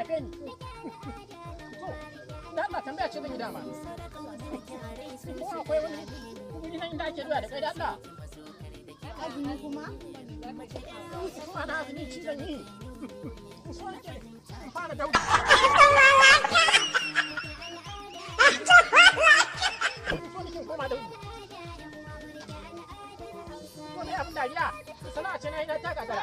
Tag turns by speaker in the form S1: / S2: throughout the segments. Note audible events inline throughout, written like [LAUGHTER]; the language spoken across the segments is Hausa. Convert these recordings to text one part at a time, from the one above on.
S1: a gani da Allah tambaya ce zan yi dama ko akwai wani guri nan inda ake zuwa da kai da Allah azumi kuma kuma na azumi ci zan yi so nake in fara sana'a ce na yi na ta gagara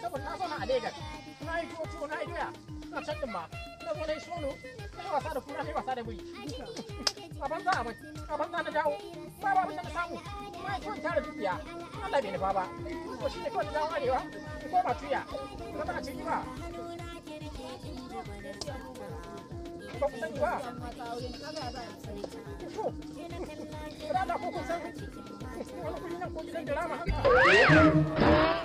S1: saboda na zo na a na yi tuwo ƙarshen ma na wasa da kura wasa da a banza a bai a banza na ba ba samu kuma ya kawai tara dukiya Allah bai ko shi ne arewa ko tuya ba ba ba ku sani ba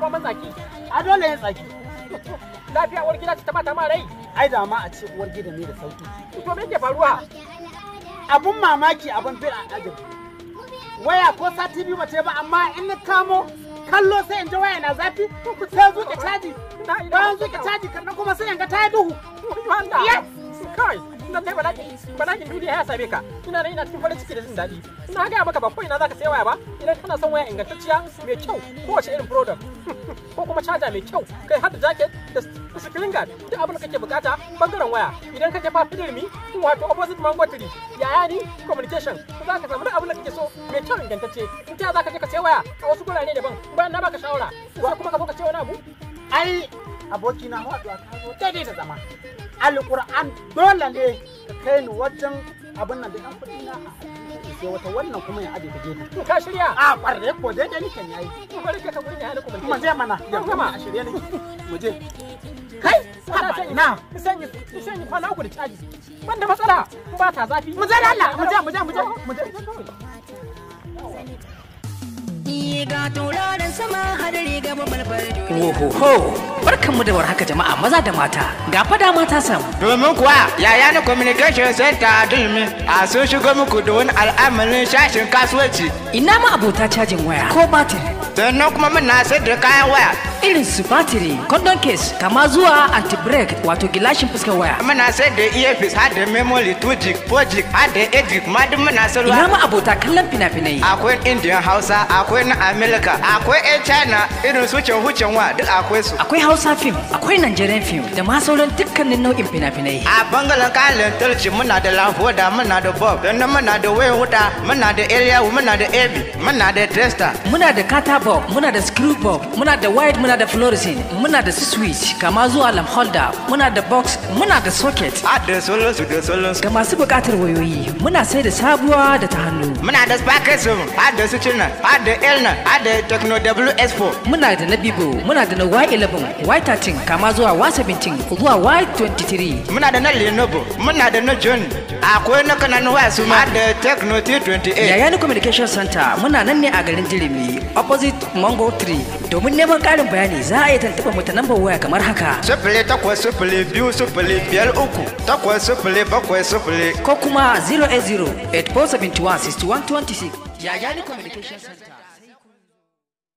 S1: kuma mun tsaki a dole yin tsaki lafiya uwar gida ta mata ma rai ai da ma a ce uwar gida ne da sauki to me ke faruwa abun mamaki abun a ajin. waya ko sati biyu mace ba amma in na kamo kallo sai in ji waya na zafi sai zuke caji bayan zuke caji kan kuma sai in ga ta duhu kai dan kai balakin balakin duniya ya same ka ina nan ina cikin farin ciki da jin daɗi na ga maka ba ko ina zaka saya waya ba idan kana son waya ingantacciya mai kyau kowace irin product [LAUGHS] ko kuma charger mai kyau kai har da jacket da screen guard duk abin da kake bukata bangaren waya idan kake fa fidirmi wato opposite mango tree yaya ni communication za ka samu duk abin da kake so mai kyau ingantacce in ta za ka je ka saya waya a wasu gurare daban bayan na baka shawara ko kuma ka zo ka ce wani abu ai abokina wato ka zo daidai da zama alƙur'an dole ne ka kai ni wajen abin nan da ɗan kuɗi na sai wata wannan kuma ya aje ta gefe to ka shirya a ƙwarre ko daidai nake yayi ko bari ka ta gurin ya kuma mu je mana ya kuma a shirye ne mu je kai na sanya sanya kwana uku da caji ban da matsala ba ta zafi mu je Allah mu je mu je mu je
S2: mu je tauraron sama hadari ga babbar farjo ohoho barkan mu da warhaka jama'a maza da mata ga fada mata samu domin kuwa yaya na communication center a dulmi a sun shigo muku da wani al'amarin shashin kasuwanci ina ma abota cajin waya ko batir sannan kuma muna sayar da kayan waya irin su batiri condom case kama zuwa anti-break wato gilashin fuskar waya muna sai da earpiece har da memory 2gig 4gig har da 8gig ma duk muna sarwa ina ma abota kallon fina-finai akwai indian hausa akwai na Amerika akwai a china irin su can hucin wa duk akwai su akwai hausa film akwai nigerian film da ma sauran dukkanin nau'in fina-finai a bangaren kayan talci muna da lafoda muna da bob don muna da wayan wuta muna da area muna da ab muna da testa muna da kata bob muna da screw bob muna da wide muna da fluorescent muna da switch kama zuwa lamp holder muna da box muna da socket a ah, da solon su da solon ga masu bukatar wayoyi muna sai da sabuwa da ta hannu muna da sparkers a da su cinna a da elna a da techno ws4 muna da na bibo muna da na y11 y13 kama zuwa y17 zuwa y23 muna da na lenovo muna da na john akwai na kananun waya su ma da techno t28 yayani communication center muna nan ne a garin jirimi opposite mango 3 domin neman karin bayan bayani za a yi tuntuɓa mu ta lambar waya kamar haka. Sifili takwas sifili biyu sifili biyar uku takwas sifili bakwai sifili. Ko kuma 080 8471 6126 Yayani Communication Center.